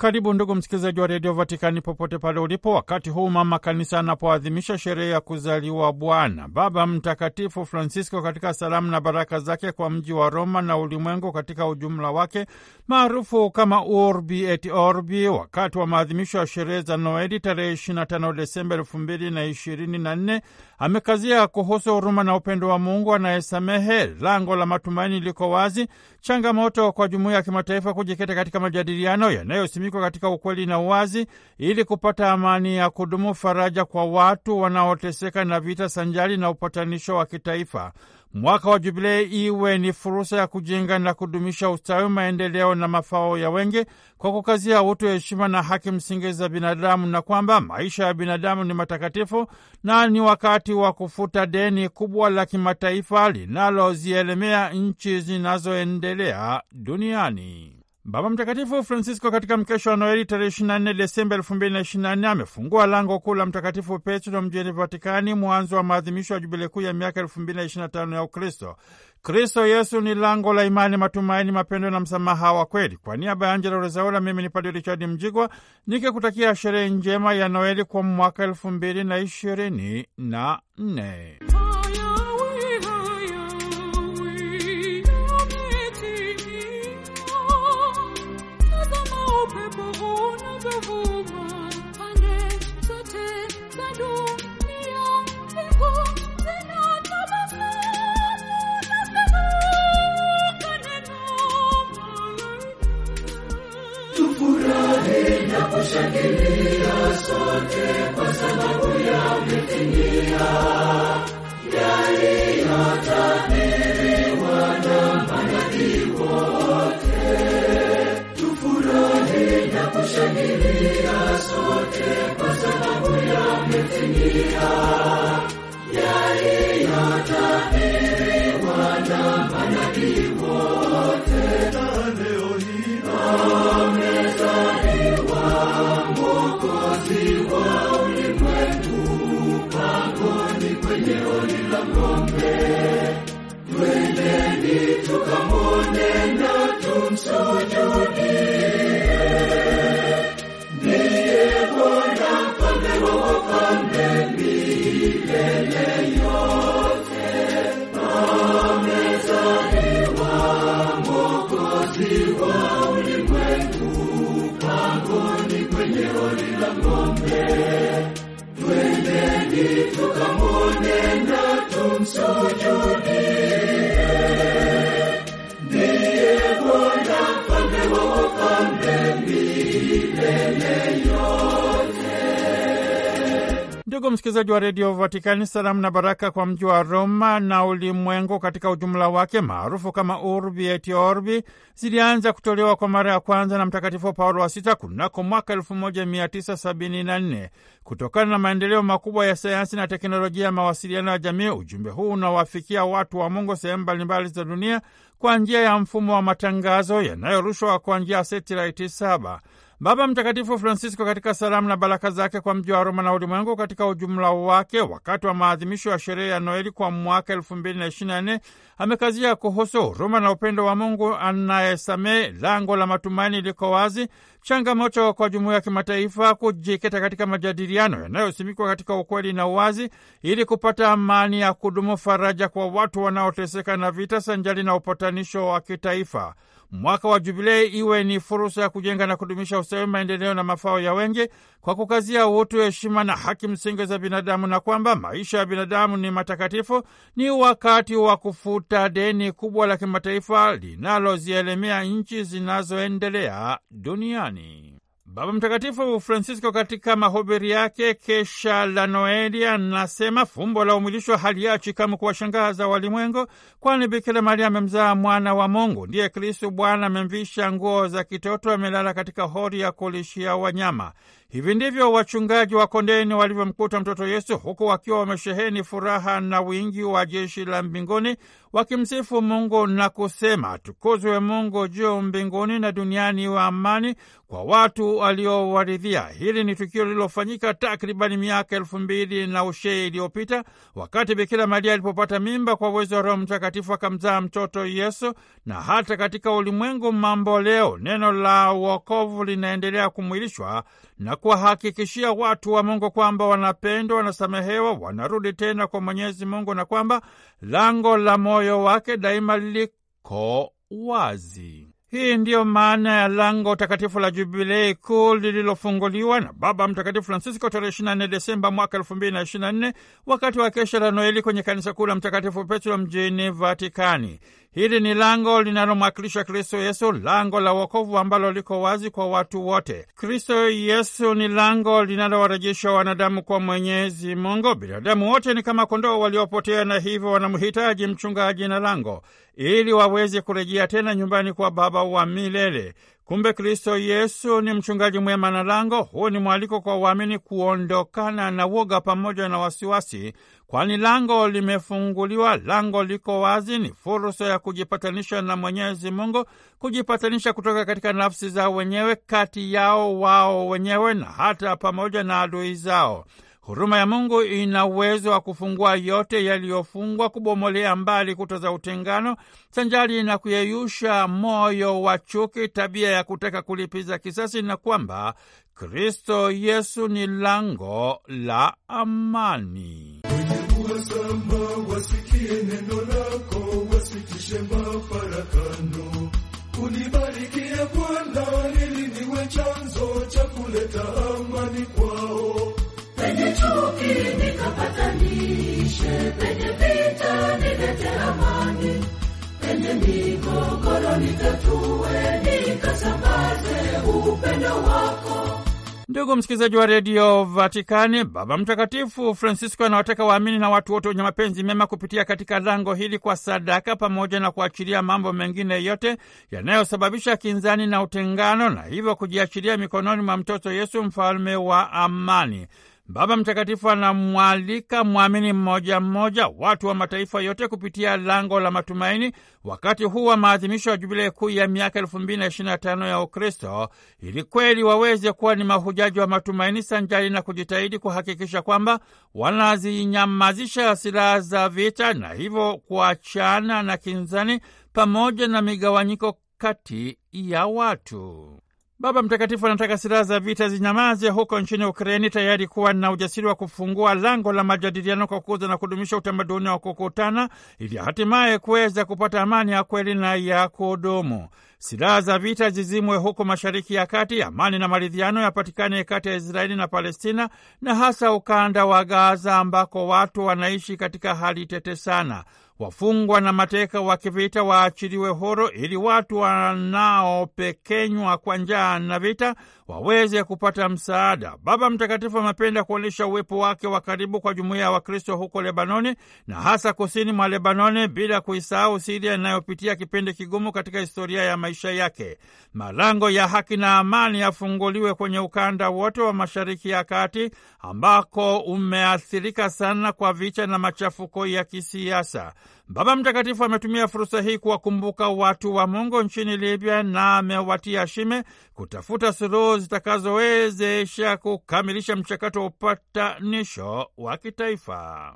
Karibu ndugu msikilizaji wa redio Vatikani popote pale ulipo, wakati huu mama kanisa anapoadhimisha sherehe ya kuzaliwa Bwana. Baba Mtakatifu Francisco, katika salamu na baraka zake kwa mji wa Roma na ulimwengu katika ujumla wake, maarufu kama Urbi et Orbi, wakati wa maadhimisho ya sherehe za Noeli tarehe 25 Desemba 2024 Amekazia kuhusu huruma na upendo wa Mungu anayesamehe. Lango la matumaini liko wazi, changamoto kwa jumuiya ya kimataifa kujikita katika majadiliano yanayosimikwa katika ukweli na uwazi, ili kupata amani ya kudumu, faraja kwa watu wanaoteseka na vita, sanjali na upatanisho wa kitaifa. Mwaka wa Jubilei iwe ni fursa ya kujenga na kudumisha ustawi, maendeleo na mafao ya wengi kwa kukazia utu, heshima na haki msingi za binadamu, na kwamba maisha ya binadamu ni matakatifu na ni wakati wa kufuta deni kubwa la kimataifa linalozielemea nchi zinazoendelea duniani. Baba Mtakatifu Francisco katika mkesho wa Noeli tarehe 24 Desemba 2024 amefungua lango kuu la Mtakatifu Petro mjini Vatikani, mwanzo wa maadhimisho ya jubile kuu ya miaka 2025 ya Ukristo. Kristo Yesu ni lango la imani, matumaini, mapendo na msamaha wa kweli. Kwa niaba ya Angela Rezaula, mimi ni Padre Richard Mjigwa nikikutakia sherehe njema ya Noeli kwa mwaka 2024. Kushangilia sote kwa sababu ya yametimia yaliyotabiriwa na Tunashangilia sote kwa sababu yametimia yaliyotabiriwa na manabii wote, na leo hii amezaliwa Mwokozi ulimwengu pangoni kwenye hori la ng'ombe. Ndugu msikilizaji wa redio Vatikani, salamu na baraka kwa mji wa Roma na ulimwengu katika ujumla wake maarufu kama Urbi et Orbi zilianza kutolewa kwa mara ya kwanza na Mtakatifu Paulo wa Sita kunako mwaka 1974. Kutokana na maendeleo makubwa ya sayansi na teknolojia ya mawasiliano ya jamii, ujumbe huu unawafikia watu wa Mungu sehemu mbalimbali za dunia kwa njia ya mfumo wa matangazo yanayorushwa kwa njia ya satelaiti saba. Baba Mtakatifu Francisco katika salamu na baraka zake kwa mji wa Roma na ulimwengu katika ujumla wake wakati wa maadhimisho ya sherehe ya Noeli kwa mwaka elfu mbili na ishirini na nne amekazia kuhusu huruma na upendo wa Mungu anayesamehe, lango la matumaini liko wazi, changamoto kwa jumuiya ya kimataifa kujikita katika majadiliano yanayosimikwa katika ukweli na uwazi ili kupata amani ya kudumu, faraja kwa watu wanaoteseka na vita sanjali na upatanisho wa kitaifa. Mwaka wa Jubilei iwe ni fursa ya kujenga na kudumisha ustawi, maendeleo na mafao ya wengi kwa kukazia utu, heshima na haki msingi za binadamu, na kwamba maisha ya binadamu ni matakatifu. Ni wakati wa kufuta deni kubwa la kimataifa linalozielemea nchi zinazoendelea duniani. Baba Mtakatifu Francisco katika mahubiri yake kesha la Noeli anasema fumbo la umwilisho haliachi kamwe kuwashangaza walimwengu, kwani Bikira Maria amemzaa mwana wa Mungu, ndiye Kristu Bwana. Amemvisha nguo za kitoto, amelala katika hori ya kulishia wanyama. Hivi ndivyo wachungaji wa kondeni walivyomkuta mtoto Yesu, huku wakiwa wamesheheni furaha na wingi wa jeshi la mbinguni, wakimsifu Mungu na kusema, tukuzwe Mungu juu mbinguni na duniani wa amani kwa watu waliowaridhia Hili ni tukio lililofanyika takribani miaka elfu mbili na ushei iliyopita, wakati Bikira Maria alipopata mimba kwa uwezo wa Roho Mtakatifu akamzaa mtoto Yesu. Na hata katika ulimwengu mambo leo, neno la wokovu linaendelea kumwilishwa na kuwahakikishia watu wa Mungu kwamba wanapendwa, wanasamehewa, wanarudi tena kwa Mwenyezi Mungu na kwamba lango la moyo wake daima liko wazi. Hii ndiyo maana ya lango takatifu la Jubilei Kuu lililofunguliwa na Baba Mtakatifu Francisco tarehe 24 Desemba mwaka 2024 wakati wa kesha la Noeli kwenye kanisa kuu la Mtakatifu Petro mjini Vatikani. Hili ni lango linalomwakilisha Kristo Yesu, lango la wokovu ambalo liko wazi kwa watu wote. Kristo Yesu ni lango linalowarejesha wanadamu kwa Mwenyezi Mungu. Binadamu wote ni kama kondoo waliopotea, na hivyo wanamhitaji mchungaji na lango, ili waweze kurejea tena nyumbani kwa Baba wa milele. Kumbe Kristo Yesu ni mchungaji mwema na lango. Huu ni mwaliko kwa waamini kuondokana na woga pamoja na wasiwasi, kwani lango limefunguliwa, lango liko wazi. Ni fursa ya kujipatanisha na Mwenyezi Mungu, kujipatanisha kutoka katika nafsi zao wenyewe, kati yao wao wenyewe, na hata pamoja na adui zao. Huruma ya Mungu ina uwezo wa kufungua yote yaliyofungwa, kubomolea mbali kuta za utengano, sanjari na kuyeyusha moyo wa chuki, tabia ya kutaka kulipiza kisasi, na kwamba Kristo Yesu ni lango la amani. Ulibarikie Bwana, ili niwe chanzo cha kuleta amani kwa chuki nikapatanishe, penye vita nilete amani, penye migogoro nitatue, nikasambaze upendo wako. Ndugu msikilizaji wa redio Vatikani, Baba Mtakatifu Francisco anawataka waamini na watu wote wenye mapenzi mema kupitia katika lango hili kwa sadaka, pamoja na kuachilia mambo mengine yote yanayosababisha kinzani na utengano, na hivyo kujiachilia mikononi mwa mtoto Yesu, mfalme wa amani. Baba Mtakatifu anamwalika mwamini mmoja mmoja, watu wa mataifa yote kupitia lango la matumaini, wakati huu wa maadhimisho ya jubilei kuu ya miaka elfu mbili na tano ya Ukristo, ili kweli waweze kuwa ni mahujaji wa matumaini sanjari na kujitahidi kuhakikisha kwamba wanazinyamazisha silaha za vita na hivyo kuachana na kinzani pamoja na migawanyiko kati ya watu. Baba Mtakatifu anataka silaha za vita zinyamaze huko nchini Ukraini, tayari kuwa na ujasiri wa kufungua lango la majadiliano kwa kuuza na kudumisha utamaduni wa kukutana ili hatimaye kuweza kupata amani ya kweli na ya kudumu. Silaha za vita zizimwe huko Mashariki ya Kati, amani na maridhiano yapatikane kati ya Israeli na Palestina, na hasa ukanda wa Gaza ambako watu wanaishi katika hali tete sana wafungwa na mateka wa kivita waachiliwe huru ili watu wanaopekenywa kwa njaa na vita waweze kupata msaada. Baba Mtakatifu amependa kuonyesha uwepo wake wa karibu kwa jumuiya ya Wakristo huko Lebanoni na hasa kusini mwa Lebanoni, bila kuisahau Siria inayopitia kipindi kigumu katika historia ya maisha yake. Malango ya haki na amani yafunguliwe kwenye ukanda wote wa Mashariki ya Kati ambako umeathirika sana kwa vita na machafuko ya kisiasa. Baba Mtakatifu ametumia fursa hii kuwakumbuka watu wa Mungu nchini Libya na amewatia shime kutafuta suluhu zitakazowezesha kukamilisha mchakato wa upatanisho wa kitaifa.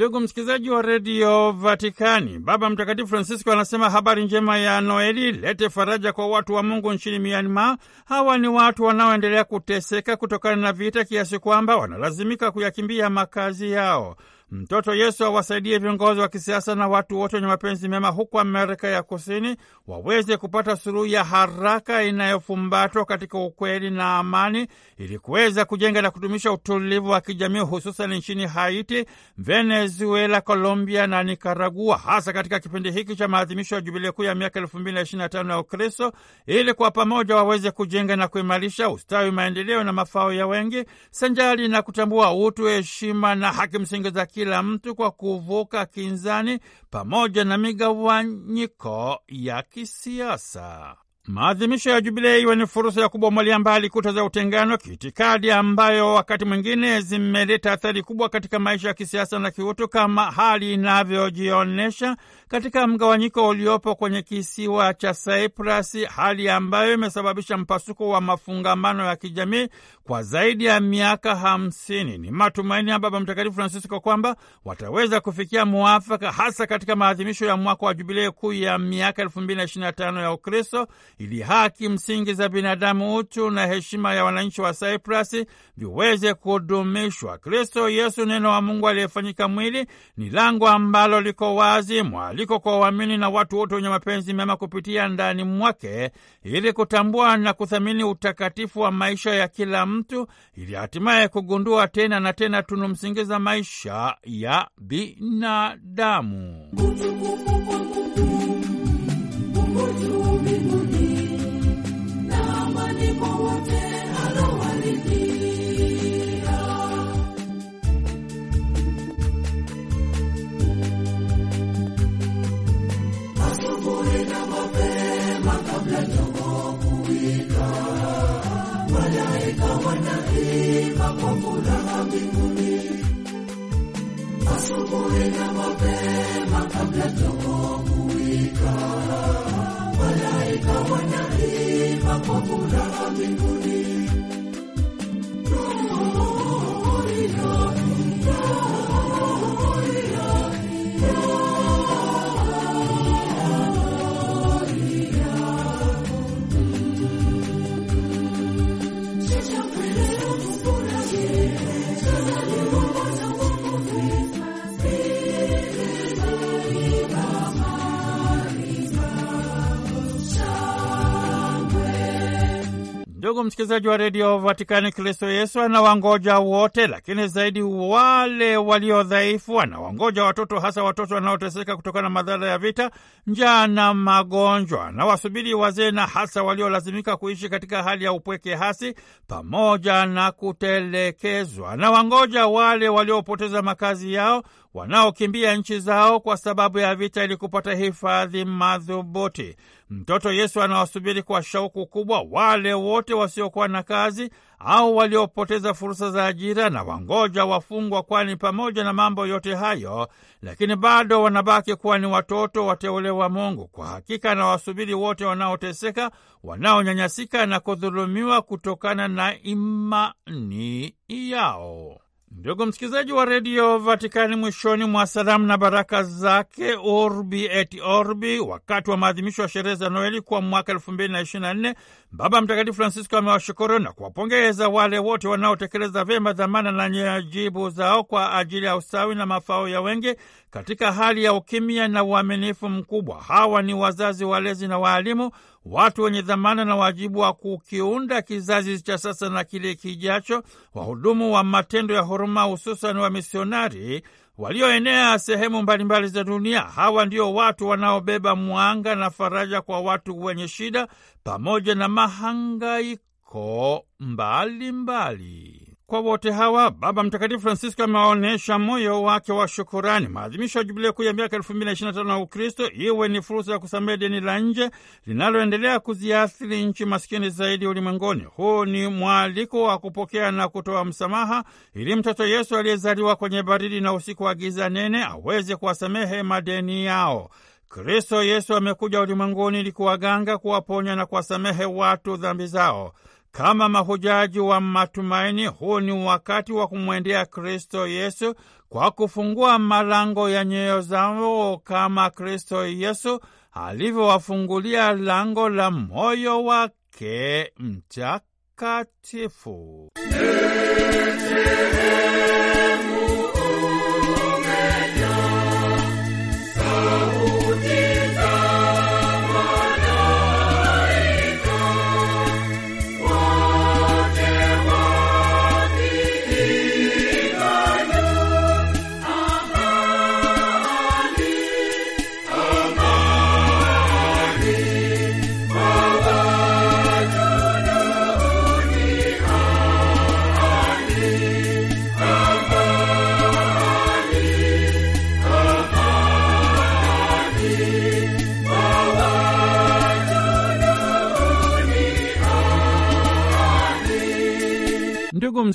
Ndugu msikilizaji wa redio Vatikani, Baba Mtakatifu Francisco anasema habari njema ya Noeli lete faraja kwa watu wa Mungu nchini Myanmar. Hawa ni watu wanaoendelea kuteseka kutokana na vita kiasi kwamba wanalazimika kuyakimbia makazi yao. Mtoto Yesu awasaidie viongozi wa kisiasa na watu wote wenye mapenzi mema huko Amerika ya Kusini waweze kupata suluhu ya haraka inayofumbatwa katika ukweli na amani ili kuweza kujenga na kudumisha utulivu wa kijamii hususan nchini Haiti, Venezuela, Colombia na Nikaragua, hasa katika kipindi hiki cha maadhimisho ya Jubilee kuu ya miaka elfu mbili na ishirini na tano ya Ukristo, ili kwa pamoja waweze kujenga na kuimarisha ustawi, maendeleo na mafao ya wengi sanjari na kutambua utu, heshima na haki msingi za kila mtu kwa kuvuka kinzani pamoja na migawanyiko ya kisiasa. Maadhimisho ya Jubilei iwe ni fursa ya kubomolia mbali kuta za utengano kiitikadi, ambayo wakati mwingine zimeleta athari kubwa katika maisha ya kisiasa na kiutu, kama hali inavyojionyesha katika mgawanyiko uliopo kwenye kisiwa cha Cyprus, hali ambayo imesababisha mpasuko wa mafungamano ya kijamii kwa zaidi ya miaka hamsini. Ni matumaini ya Baba Mtakatifu Francisco kwamba wataweza kufikia mwafaka, hasa katika maadhimisho ya mwaka wa Jubilei kuu ya miaka elfu mbili na na tano ya Ukristo ili haki msingi za binadamu, utu na heshima ya wananchi wa Saiprasi viweze kudumishwa. Kristo Yesu, neno wa Mungu aliyefanyika mwili, ni lango ambalo liko wazi, mwaliko kwa waamini na watu wote wenye mapenzi mema kupitia ndani mwake, ili kutambua na kuthamini utakatifu wa maisha ya kila mtu, ili hatimaye kugundua tena na tena tunu msingi za maisha ya binadamu. habla tú. Ndugu msikilizaji wa redio Vatikani, Kristo Yesu anawangoja wote, lakini zaidi wale walio dhaifu. Anawangoja watoto, hasa watoto wanaoteseka kutokana na madhara ya vita, njaa na magonjwa. Anawasubiri wazee na hasa waliolazimika kuishi katika hali ya upweke hasi pamoja na kutelekezwa. Anawangoja wale waliopoteza makazi yao wanaokimbia nchi zao kwa sababu ya vita ili kupata hifadhi madhubuti. Mtoto Yesu anawasubiri kwa shauku kubwa wale wote wasiokuwa na kazi au waliopoteza fursa za ajira na wangoja wafungwa, kwani pamoja na mambo yote hayo, lakini bado wanabaki kuwa ni watoto wateule wa Mungu. Kwa hakika anawasubiri wote wanaoteseka, wanaonyanyasika na kudhulumiwa kutokana na imani yao. Ndugu msikilizaji wa redio Vatikani, mwishoni mwa salamu na baraka zake Urbi et Orbi, wakati wa maadhimisho ya sherehe za Noeli kwa mwaka elfu mbili na ishirini na nne, Baba Mtakatifu Francisco amewashukuru na kuwapongeza wale wote wanaotekeleza vyema dhamana na nyajibu zao kwa ajili ya ustawi na mafao ya wengi katika hali ya ukimya na uaminifu mkubwa. Hawa ni wazazi, walezi na waalimu watu wenye dhamana na wajibu wa kukiunda kizazi cha sasa na kile kijacho, wahudumu wa matendo ya huruma, hususan wa misionari walioenea sehemu mbalimbali za dunia. Hawa ndio watu wanaobeba mwanga na faraja kwa watu wenye shida pamoja na mahangaiko mbalimbali. Kwa wote hawa, Baba Mtakatifu Francisco amewaonyesha moyo wake wa shukurani. Maadhimisho ya Jubilia kuu ya miaka elfu mbili na na tano ya Ukristo iwe ni fursa ya kusamehe deni la nje linaloendelea kuziathiri nchi maskini zaidi ulimwenguni. Huu ni mwaliko wa kupokea na kutoa msamaha, ili mtoto Yesu aliyezaliwa kwenye baridi na usiku wa giza nene aweze kuwasamehe madeni yao. Kristo Yesu amekuja ulimwenguni ili kuwaganga, kuwaponya na kuwasamehe watu dhambi zao. Kama mahujaji wa matumaini, huu ni wakati wa kumwendea Kristo Yesu kwa kufungua malango ya nyoyo zao kama Kristo Yesu alivyowafungulia lango la moyo wake mtakatifu.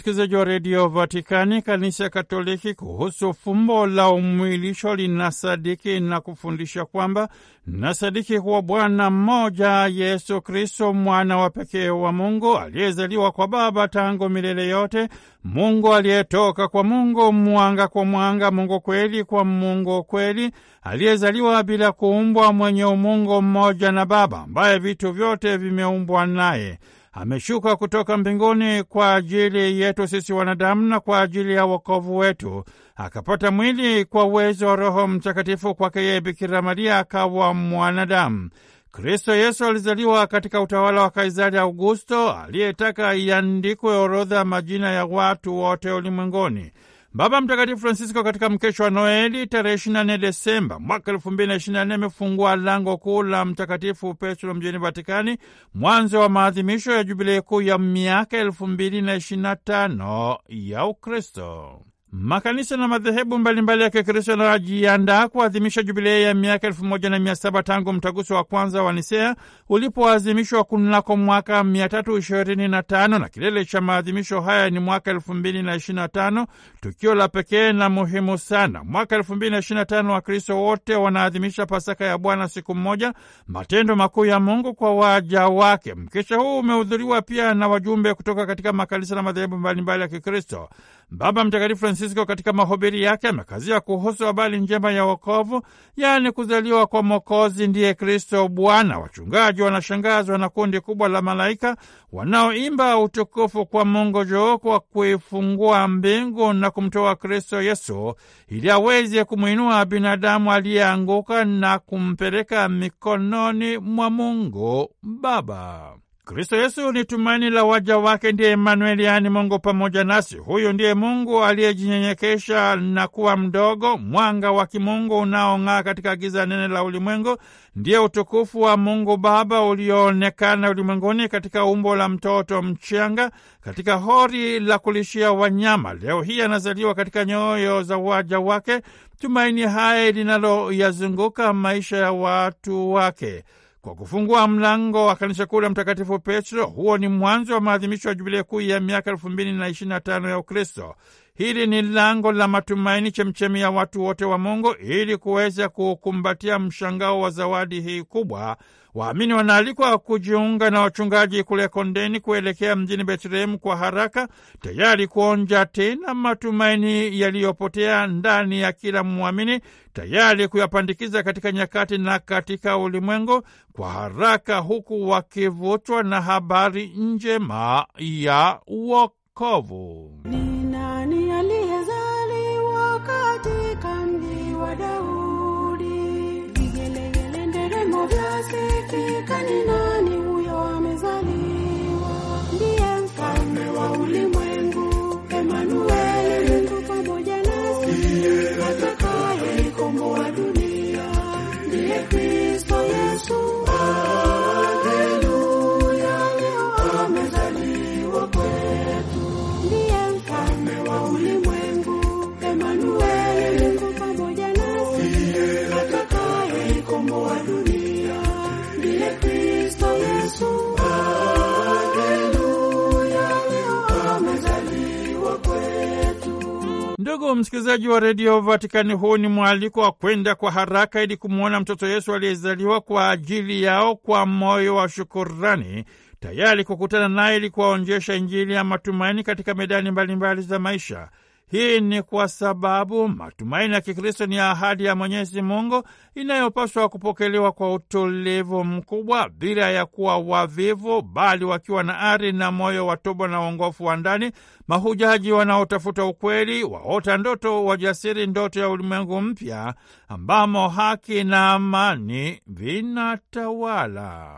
msikilizaji wa redio Vatikani, kanisa Katoliki kuhusu fumbo la umwilisho linasadiki na kufundisha kwamba nasadiki kuwa Bwana mmoja Yesu Kristo, mwana wa pekee wa Mungu aliyezaliwa kwa Baba tangu milele yote, Mungu aliyetoka kwa Mungu, mwanga kwa mwanga, Mungu kweli kwa Mungu kweli, aliyezaliwa bila kuumbwa, mwenye umungu mmoja na Baba, ambaye vitu vyote vimeumbwa naye ameshuka kutoka mbinguni kwa ajili yetu sisi wanadamu na kwa ajili ya wokovu wetu, akapata mwili kwa uwezo wa Roho Mtakatifu, kwake yeye Bikira Maria akawa mwanadamu. Kristo Yesu alizaliwa katika utawala wa Kaisari Augusto, aliyetaka iandikwe orodha majina ya watu wote ulimwenguni. Baba Mtakatifu Francisco katika mkesho wa Noeli tarehe 24 Desemba mwaka 2024 amefungua lango kuu la Mtakatifu Petro mjini Vatikani, mwanzo wa maadhimisho ya jubilei kuu ya miaka 2025 ya Ukristo. Makanisa na madhehebu mbalimbali ya Kikristo yanajiandaa kuadhimisha jubilei ya miaka elfu moja na mia saba tangu mtaguso wa kwanza wa Nisea ulipoadhimishwa kunako mwaka miatatu ishirini na tano na kilele cha maadhimisho haya ni mwaka elfu na ishirini tano tukio la pekee na muhimu sana. Mwaka elfu na ishirini Wakristo wote wanaadhimisha Pasaka ya Bwana siku mmoja, matendo makuu ya Mungu kwa waja wake. Mkesha huu umehudhuriwa pia na wajumbe kutoka katika makanisa na madhehebu mbalimbali ya Kikristo. Baba Mtakatifu Francisco katika mahubiri yake amekazia kuhusu habari njema ya wokovu, yaani kuzaliwa kwa Mwokozi, ndiye Kristo Bwana. Wachungaji wanashangazwa na kundi kubwa la malaika wanaoimba utukufu kwa Mungu juu kwa kuifungua mbingu na kumtoa Kristo Yesu ili aweze kumwinua binadamu aliyeanguka na kumpeleka mikononi mwa Mungu Baba. Kristo Yesu ni tumaini la waja wake, ndiye Emanueli, yaani Mungu pamoja nasi. Huyu ndiye Mungu aliyejinyenyekesha na kuwa mdogo, mwanga wa kimungu unaong'aa katika giza nene la ulimwengu. Ndiye utukufu wa Mungu Baba ulioonekana ulimwenguni katika umbo la mtoto mchanga katika hori la kulishia wanyama. Leo hii anazaliwa katika nyoyo za waja wake, tumaini hai linaloyazunguka maisha ya watu wake. Kwa kufungua mlango wa kanisa kuu la Mtakatifu Petro, huo ni mwanzo wa maadhimisho ya jubilee kuu ya miaka elfu mbili na ishirini na tano ya Ukristo. Hili ni lango la matumaini, chemchemi ya watu wote wa Mungu, ili kuweza kuukumbatia mshangao wa zawadi hii kubwa Waamini wanaalikwa kujiunga na wachungaji kule kondeni kuelekea mjini Betlehemu kwa haraka, tayari kuonja tena matumaini yaliyopotea ndani ya kila mwamini, tayari kuyapandikiza katika nyakati na katika ulimwengu kwa haraka, huku wakivutwa na habari njema ya wokovu. Ndugu msikilizaji wa redio Vatikani, huu ni mwaliko wa kwenda kwa haraka ili kumwona mtoto Yesu aliyezaliwa kwa ajili yao kwa moyo wa shukurani, tayari kukutana naye ili kuwaonjesha Injili ya matumaini katika medani mbalimbali mbali za maisha. Hii ni kwa sababu matumaini ya Kikristo ni ahadi ya Mwenyezi Mungu inayopaswa kupokelewa kwa utulivu mkubwa, bila ya kuwa wavivu, bali wakiwa na ari na moyo wa toba na uongofu wa ndani, mahujaji wanaotafuta ukweli, waota ndoto, wajasiri, ndoto ya ulimwengu mpya ambamo haki na amani vinatawala.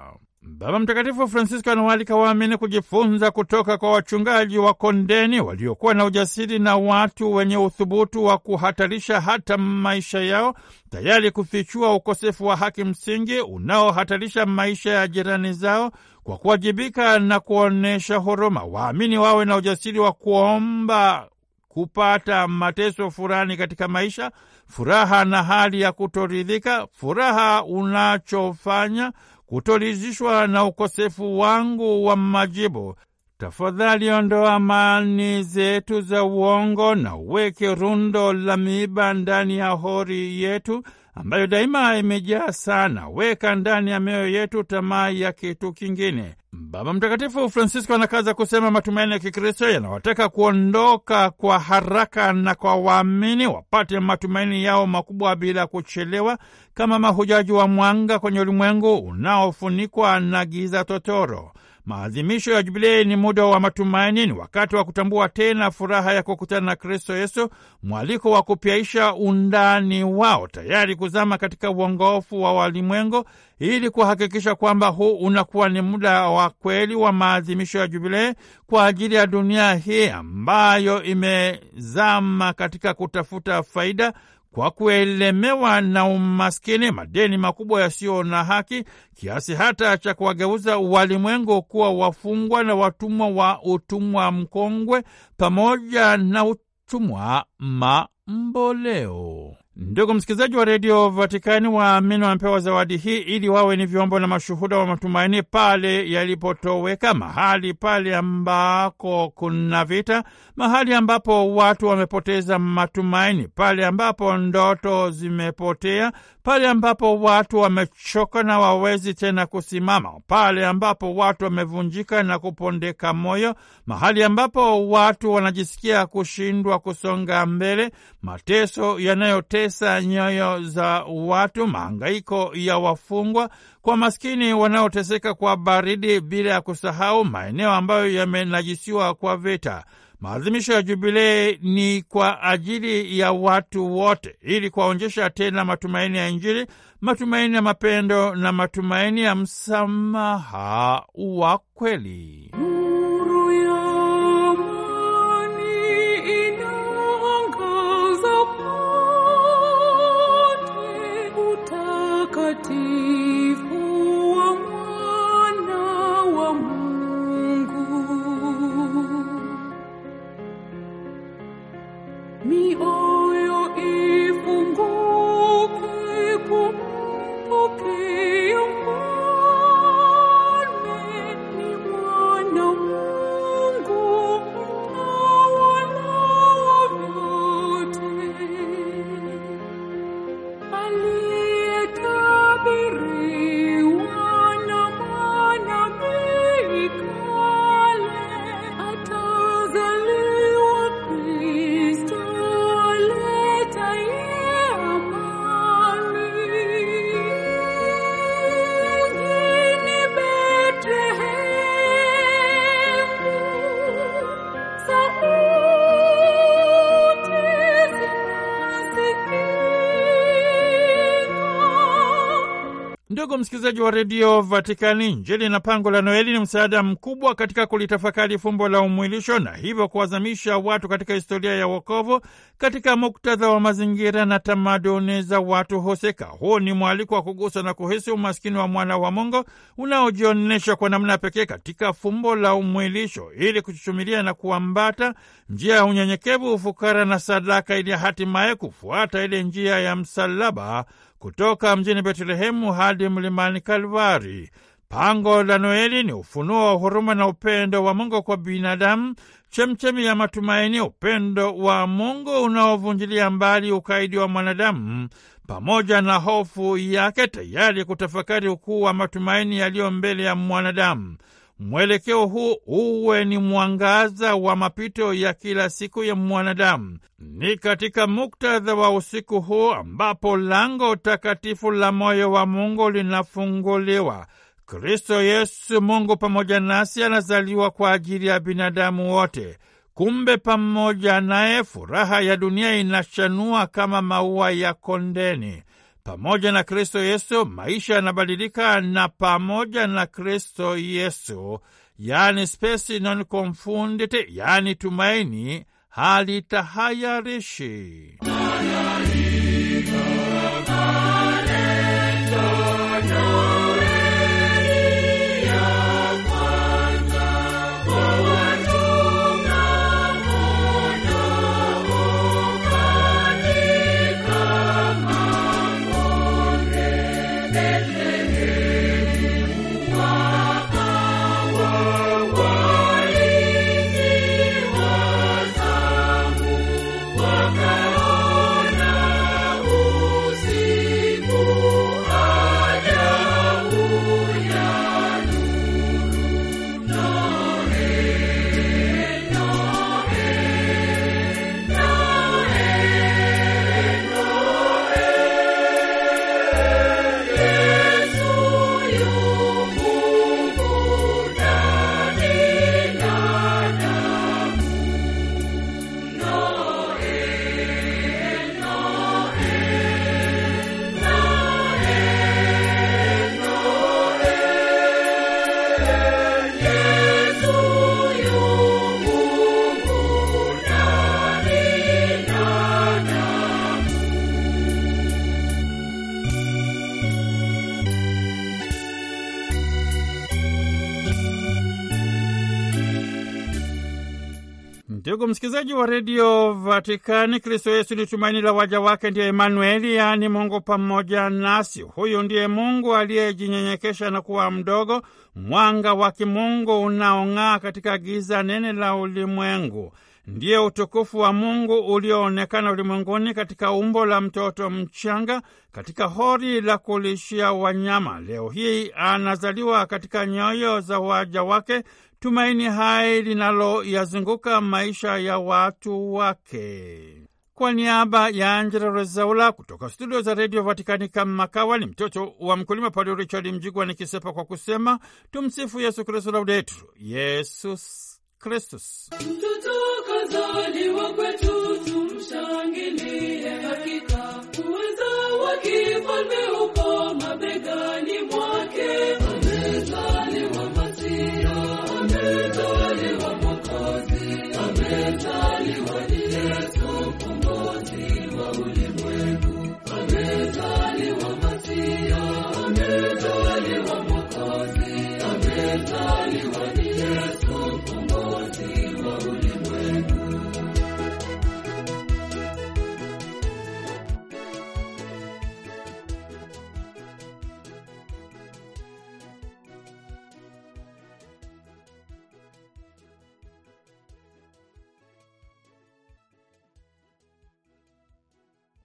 Baba Mtakatifu Francisco anawaalika waamini kujifunza kutoka kwa wachungaji wa kondeni waliokuwa na ujasiri na watu wenye uthubutu wa kuhatarisha hata maisha yao, tayari kufichua ukosefu wa haki msingi unaohatarisha maisha ya jirani zao kwa kuwajibika na kuonyesha huruma. Waamini wawe na ujasiri wa kuomba kupata mateso fulani katika maisha, furaha na hali ya kutoridhika, furaha unachofanya kutolizishwa na ukosefu wangu wa majibu. Tafadhali ondoa amani zetu za uongo na uweke rundo la miiba ndani ya hori yetu ambayo daima imejaa sana. Weka ndani ya mioyo yetu tamaa ya kitu kingine. Baba Mtakatifu Francisco anakaza kusema matumaini ya Kikristo yanawataka kuondoka kwa haraka na kwa waamini wapate matumaini yao makubwa bila kuchelewa, kama mahujaji wa mwanga kwenye ulimwengu unaofunikwa na giza totoro. Maadhimisho ya Jubilei ni muda wa matumaini, ni wakati wa kutambua tena furaha ya kukutana na Kristo Yesu, mwaliko wa kupyaisha undani wao, tayari kuzama katika uongofu wa walimwengu, ili kuhakikisha kwamba huu unakuwa ni muda wa kweli wa maadhimisho ya Jubilei kwa ajili ya dunia hii ambayo imezama katika kutafuta faida kwa kuelemewa na umaskini, madeni makubwa yasiyo na haki, kiasi hata cha kuwageuza walimwengu kuwa wafungwa na watumwa wa utumwa mkongwe, pamoja na utumwa mamboleo. Ndugu msikilizaji wa redio Vatikani, waamini wamepewa zawadi hii ili wawe ni vyombo na mashuhuda wa matumaini pale yalipotoweka, mahali pale ambako kuna vita, mahali ambapo watu wamepoteza matumaini, pale ambapo ndoto zimepotea, pale ambapo watu wamechoka na wawezi tena kusimama, pale ambapo watu wamevunjika na kupondeka moyo, mahali ambapo watu wanajisikia kushindwa kusonga mbele, mateso yanayote kutesa nyoyo za watu, maangaiko ya wafungwa, kwa maskini wanaoteseka kwa baridi, bila ya kusahau maeneo ambayo yamenajisiwa kwa vita. Maadhimisho ya Jubilei ni kwa ajili ya watu wote, ili kuwaonjesha tena matumaini ya Injili, matumaini ya mapendo na matumaini ya msamaha wa kweli. Ndugu msikilizaji wa redio Vatikani, Injili na Pango la Noeli ni msaada mkubwa katika kulitafakari fumbo la umwilisho na hivyo kuwazamisha watu katika historia ya wokovu katika muktadha wa mazingira na tamaduni za watu husika. Huu ni mwaliko wa kugusa na kuhisi umaskini wa mwana wa Mungu unaojionyesha kwa namna pekee katika fumbo la umwilisho ili kuchuchumilia na kuambata njia ya unyenyekevu, ufukara na sadaka, ili hatimaye kufuata ile njia ya msalaba kutoka mjini Betlehemu hadi mlimani Kalvari. Pango la Noeli ni ufunuo wa huruma na upendo wa Mungu kwa binadamu, chemchemi ya matumaini, upendo wa Mungu unaovunjilia mbali ukaidi wa mwanadamu pamoja na hofu yake, tayari kutafakari ukuu wa matumaini yaliyo mbele ya mwanadamu. Mwelekeo huu uwe ni mwangaza wa mapito ya kila siku ya mwanadamu. Ni katika muktadha wa usiku huu ambapo lango takatifu la moyo wa Mungu linafunguliwa. Kristo Yesu Mungu pamoja nasi anazaliwa kwa ajili ya binadamu wote. Kumbe pamoja naye furaha ya dunia inashanua kama maua ya kondeni. Pamoja na Kristo Yesu maisha yanabadilika, na pamoja na Kristo Yesu, yaani spesi non confundite, yaani tumaini halitahayarishi Ndugu msikilizaji wa redio Vatikani, Kristo Yesu ni tumaini la waja wake, ndiye Emanueli, yaani Mungu pamoja nasi. Huyu ndiye Mungu aliyejinyenyekesha na kuwa mdogo, mwanga wa kimungu unaong'aa katika giza nene la ulimwengu. Ndiye utukufu wa Mungu ulioonekana ulimwenguni katika umbo la mtoto mchanga katika hori la kulishia wanyama. Leo hii anazaliwa katika nyoyo za waja wake tumaini hai linaloyazunguka maisha ya watu wake. Kwa niaba ya Angela Rezaula kutoka studio za redio Vatikani, kama makawa ni mtoto wa mkulima Padre Richard Mjigwa nikisepa kwa kusema tumsifu Yesu Kristu, laudetu Yesus Kristus. Mtoto kazaliwa kwetu, tumshangilie, hakika uweza wa kifalme